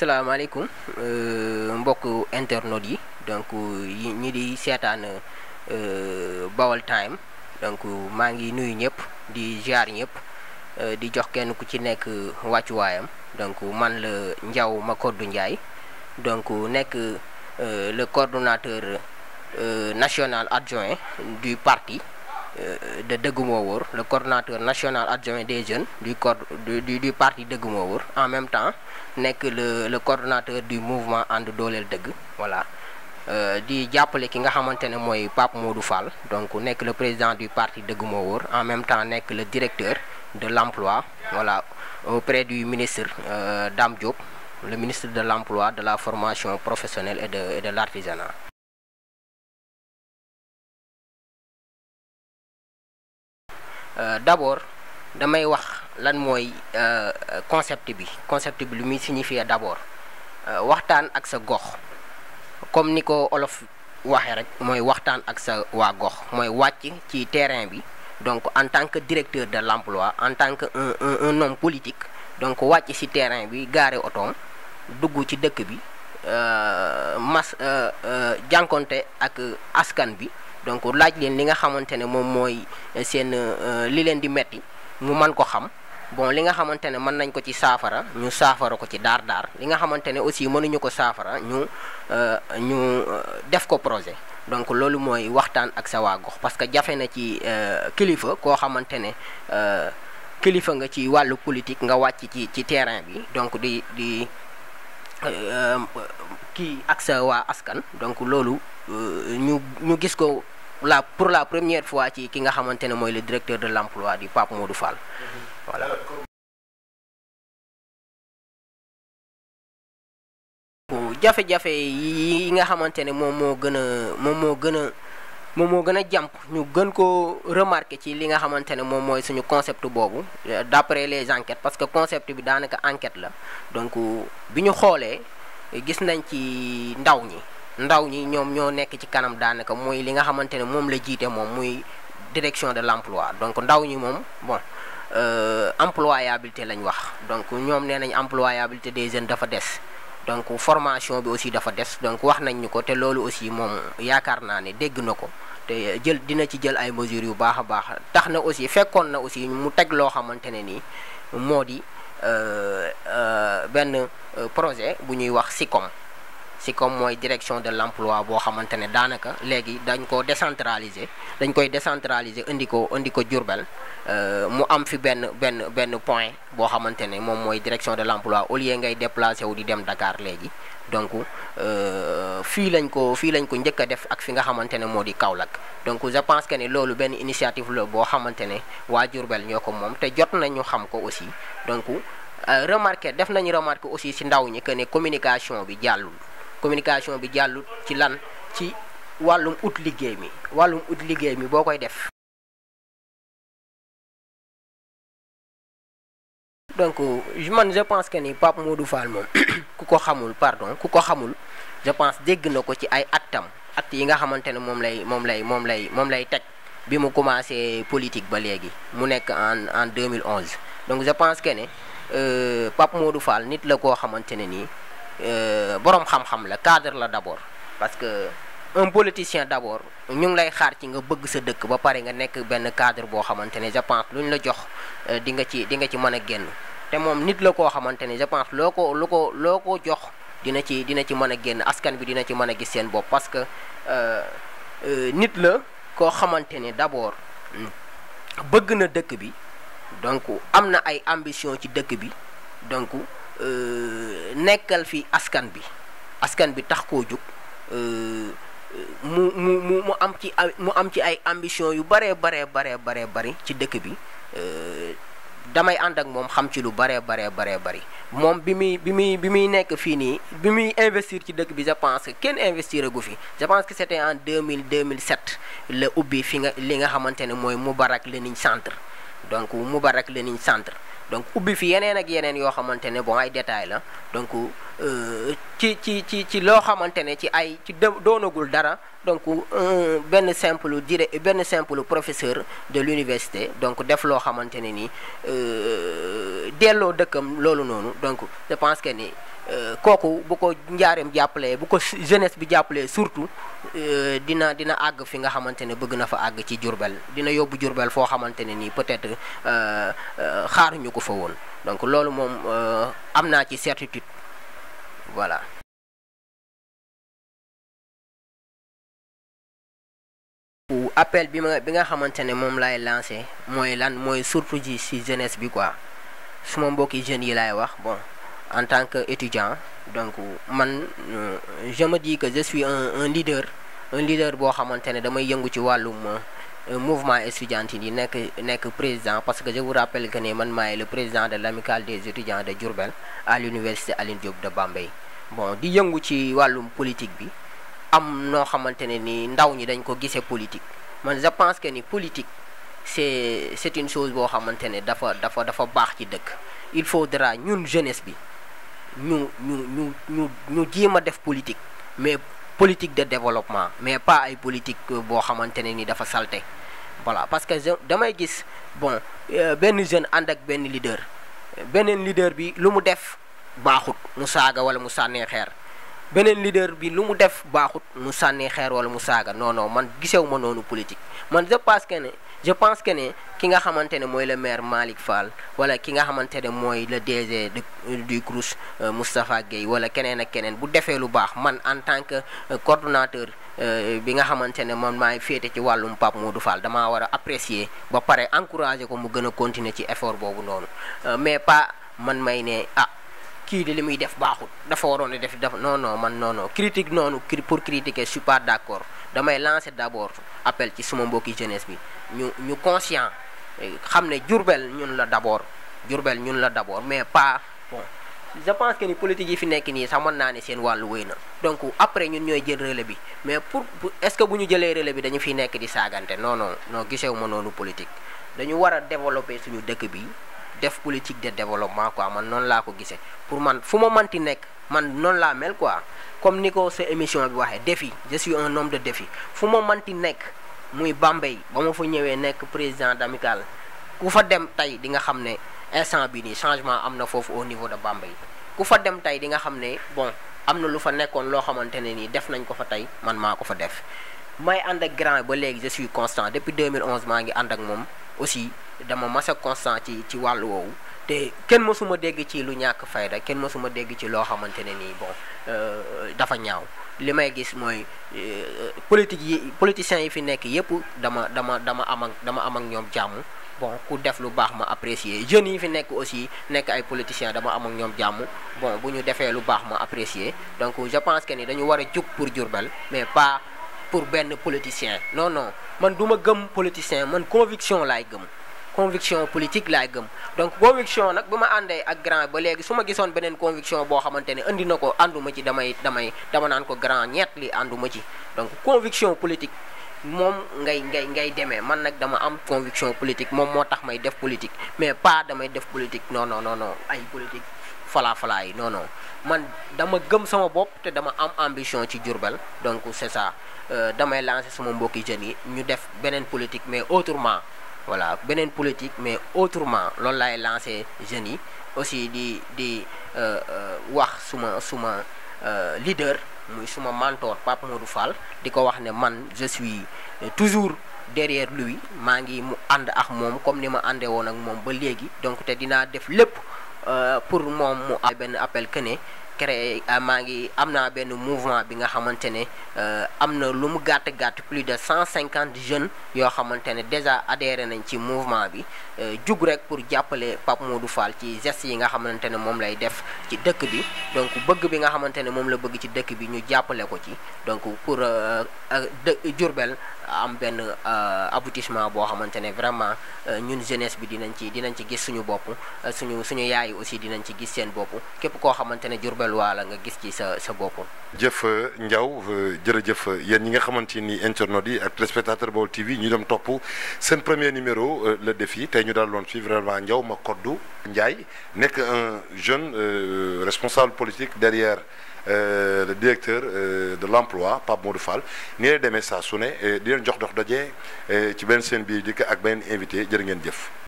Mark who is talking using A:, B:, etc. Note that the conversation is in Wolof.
A: salaamaaleykum euh, mbokk internet yi donc yi ñi di seetaan euh, Baol Time donc maa ngi nuyu ñëpp di jaar ñëpp euh, di jox kenn ku ci nekk wàccuwaayam donc man la Ndiaw Macodou Ndiaye donc nekk le coordonnateur national adjoint du parti Euh, de Dëgg Moo Wóor le coordonnateur national adjoint des jeunes du corps du du, du parti Dëgg Moo Wóor en même temps nekk le le coordonnateur du mouvement ànd dooleel dëgg voilà euh, di jàppale ki nga xamante ne mooy Pape Modou Fall donc nekk le président du parti Dëgg Moo Wóor en même temps nekk le directeur de l'emploi voilà auprès du ministre euh, Dame Diop le ministre de l'emploi de la formation professionnelle et de et de l'artisanat Euh, d'abord damay wax lan mooy euh, concept bi concept bi lu muy signifier d'abord euh, waxtaan ak sa gox comme ni ko olof waxee rek mooy waxtaan ak sa waa gox mooy wàcc ci terrain bi donc en tant que directeur de l'emploi en tant que un un un politique donc wàcc ci terrain bi gaare otoom dugg ci dëkk bi mas jànkonte ak askan bi donc laaj leen li nga xamante ne moom mooy euh, seen euh, li leen di metti mu man ko xam bon li nga xamante ne mën nañ ko ci saafara ñu saafara ko ci daar daar li nga xamante ne aussi mënuñu ko saafara ñu euh, ñu def ko projet donc loolu mooy waxtaan ak sa waa gox parce que jafe na ci kilifa koo xamante ne kilifa nga ci wàllu politique nga wàcc ci ci terrain bi donc di di kii ak sa waa askan donc loolu ñu gis ko la pour la première fois ci ki nga xamante ne mooy le directeur de l' emploi du Pape Modou Fall jafe-jafe yi nga xamante ne moom moo gën a moom moo gën a moom moo gën a jàmp ñu gën ko remarqué ci li nga xamante ne moom mooy suñu concept boobu d' après les enquêtes parce que concept bi daanaka enquête la donc bi ñu xoolee gis nañ ci ndaw ñi ndaw ñi ñoom ñoo nekk ci kanam daanaka muy li nga xamante ne moom la jiite moom muy direction de l'emploi donc ndaw ñi moom bon euh, employabilité lañ wax donc ñoom nee nañ employabilité des jeunes dafa des donc formation bi aussi dafa des donc wax nañ ñu ko te loolu aussi moom yaakaar naa ne dégg na ko te jël dina ci jël ay mesures yu baax a baax tax na aussi fekkoon na aussi mu teg loo xamante ne nii moo di euh, euh, benn projet bu ñuy wax SICOM si comme mooy direction de l'emploi boo xamante ne daanaka léegi dañ ko décentraliser dañ koy décentraliser indi ko indi ko Diourbel euh, mu am fi benn benn benn point boo xamante ne moom mooy direction de l'emploi au lieu ngay déplacé wu di dem Dakar léegi donc euh, fii lañ ko fii lañ ko njëkk a def ak fi nga xamante ne moo di Kaolack donc je pense que ne loolu benn initiative boo xamante ne waa Diourbel ñoo ko moom te jot nañu xam ko aussi donc euh, remarqué def nañu remarqué aussi si ndaw ñi que ne communication bi jàllul. communication bi jàll ci lan ci wàllum ut liggéey mi wàllum ut liggéey mi boo koy def donc man je pense que ni Pape Modou Fall moom ku ko xamul pardon ku ko xamul je pense dégg na ko ci ay attam at yi nga xamante ne moom lay moom lay moom lay moom lay teg bi mu commencé politique ba léegi mu nekk en en 2011 donc je pense que ne euh, Pape Modou Fall nit la koo xamante ne nii Euh, boroom xam-xam la cadre la d'abord parce que un politicien d'abord ñu ngi lay xaar ci nga bëgg sa dëkk ba pare nga nekk benn cadre boo xamante ne je pense lu ñu la jox euh, di nga ci di nga ci mën a génn te moom nit la koo xamante ne je pense loo ko lu ko loo ko jox dina ci dina ci mën a génn askan bi dina ci mën a gis seen bopp parce que euh, nit la koo xamante ne d'abord bëgg na dëkk bi donc am na ay ambition ci dëkk bi donc Euh, nekkal fi askan bi askan bi tax koo jóg euh, mu mu mu am ci ay mu am ci ay ambition yu baree baree baree baree bari ci dëkk bi euh, damay ànd ak moom xam ci lu baree baree baree bari moom bi muy bi muy bi muy nekk fii nii bi muy investir ci dëkk bi je pense que kenn investir gu fi je pense que c'était en mille 2007 la ubbi fi nga li nga xamante ne mooy Moubarak Lénine centre donc Moubarak Lénine centre donc ubbi fi yeneen ak yeneen yoo xamante ne bon ay détail la donc euh, ci ci ci ci loo xamante ne ci ay ci doonagul dara donc benn simple dire benn simple professeur de l'université donc def loo xamante ne ni euh, delloo dëkkam loolu noonu donc je pense que nii Euh, kooku bu ko njaareem jàppalee bu ko jeunesse bi jàppalee surtout euh, dina dina àgg fi nga xamante ne bëgg na fa àgg ci Jurbel dina yóbbu Jurbel foo xamante ne nii peut-être euh, xaaruñu ko fa woon donc loolu moom am naa ci certitude voilà. appel bi bi nga xamante ne moom laay lancé mooy lan mooy surtout ci si jeunesse bi quoi suma mbokki jeunes yi laay wax bon. en tant que qu'étudiant donc man euh, je me dis que je suis un leader un leader boo xamante ne damay yëngu ci wàllum euh, mouvement estudiantine yi nekk nekk président parce que je vous rappelle que ne man maay le président de l'amicale des étudiants de Diourbel à l'université Alioune Diop de Bambey bon di yëngu ci wàllum politique bi am noo xamante ne ni ndaw ñi dañ ko gisee politique man je pense que ni politique c'est c'est une chose boo xamante ne dafa dafa dafa baax ci dëkk il faudra ñun jeunesse bi ñu ñu ñu ñu ñu jéem a def politique mais politique de développement mais pas ay politique euh, boo xamante ne ni dafa salte voilà parce que damay gis bon euh, benn jeune ànd ak benn leader beneen leader bi lu mu def baaxut mu saaga wala mu sànnee xeer beneen leader bi lu mu def baaxut mu sànnee xeer wala mu saaga non non man gisew ma noonu politique man je pense ne je pense que ne ki nga xamante ne mooy le maire Malick Fall wala ki nga xamante ne mooy le DG du CROUS euh, Moustapha Guèye wala keneen ak keneen bu defee lu baax man en tant que euh, coordonnateur euh, bi nga xamante ne man maay féete ci wàllum Pape Modou Fall damaa war a apprécier ba pare encourager ko mu gën a continuer ci effort boobu noonu mais pas man may ne ah. kii de li muy def baaxul dafa waroon a def dafa non man non non noonu pour critiquer je suis pas d' damay lancer d' abord appel ci suma mbokki jeunesse bi ñu ñu conscient xam ne Jurbel ñun la d' abord Jurbel ñun la d' abord mais pas bon je pense que ni politique yi fi nekk nii sax mën naa ne seen wàllu wey na donc après ñun ñooy jël relais bi mais pour est ce que bu ñu jëlee relais bi dañu fiy nekk di saagante non noo non gisewu ma noonu politique dañu war a développer suñu dëkk bi def politique de développement quoi man noonu laa ko gisee pour man fu ma manti nekk man noonu laa mel quoi comme ni ko sa émission bi waxee défi je suis un homme de défi fu ma manti nekk muy Bambey ba ma fa ñëwee nekk président d'amicale ku fa dem tey di nga xam ne instant bi nii changement am na foofu au niveau de yi ku fa dem tey di nga xam ne bon am na lu fa nekkoon loo xamante ne nii def nañ ko fa tey man maa ko fa def may ànd ak grand ba léegi je suis constant depuis 2011 maa ngi ànd ak moom aussi dama mas a constant ci ci wàllu woowu te kenn mësuma dégg ci lu ñàkk fayda kenn mësuma dégg ci loo xamante ne nii bon euh, dafa ñaaw li may gis mooy euh, politique yi politiciens yi fi nekk yépp dama dama dama am ak dama am ak ñoom jàmm bon ku def lu baax ma apprécier jeunes yi fi nekk aussi nekk ay politiciens dama am ak ñoom jàmm bon bu ñu defee lu baax ma apprécier donc je pense que ni dañu war a jug pour Diourbel pour benn politicien non non man du ma gëm politicien man conviction laay gëm conviction politique laay gëm donc conviction nag bu ma àndee ak grand ba léegi su ma gisoon beneen conviction boo xamante ne indi na ko ànduma ci damay damay dama naan ko grand ñett li ànduma ci donc conviction politique moom ngay ngay ngay demee man nag dama am conviction politique moom moo tax may def politique mais pas damay def politique non no non ay politique falaa-falaa yi non man dama gëm sama bopp te dama am ambition ci Diourbel donc c'est ça euh, damay lancer sama mbokki jeunes yi ñu def beneen politique mais autrement voilà beneen politique mais autrement loolu laay lancer jeunes yi aussi di di euh, euh, wax suma suma leader muy suma mentor Pape Modou Fall di ko wax ne man je toujours derrière lui maa ngi mu ànd ak moom comme ni ma àndee woon ak moom ba léegi donc te dinaa def lépp Euh, pour moom mu benn appel que créé ah, maa ngi am naa benn mouvement bi nga xamante ne euh, am na lu mu gàtt gàtt plus de cent cinquante jeunes yoo xamante ne déjà adhéré nañ ci mouvement bi euh, jug rek pour jàppale Pape du Fall ci gest yi nga xamante ne moom lay def ci dëkk bi donc bëgg bi nga xamante ne moom la bëgg ci dëkk bi ñu jàppale ko ci donc pour euh, Diourbel am benn aboutissement boo xamante ne vraiment ñun jeunesse bi dinañ ci dinañ ci gis suñu bopp suñu suñu yaay aussi dinañ ci gis seen bopp Guelwaar nga gis ci sa sa bopp. jëf euh, Ndiaw euh, jërëjëf euh, yéen ñi nga xamante ni internautes yi ak téléspectateur Baol TV ñu dem topp seen premier numéro le défi tey ñu daal loon fii vraiment njaw ma koddu Ndiaye nekk un jeune responsable politique derrière le directeur de l'emploi Pape Modou Fall nii lay demee saa su ne di leen jox dox daje ci benn seen biir dikk ak beneen invité jër ngeen jëf.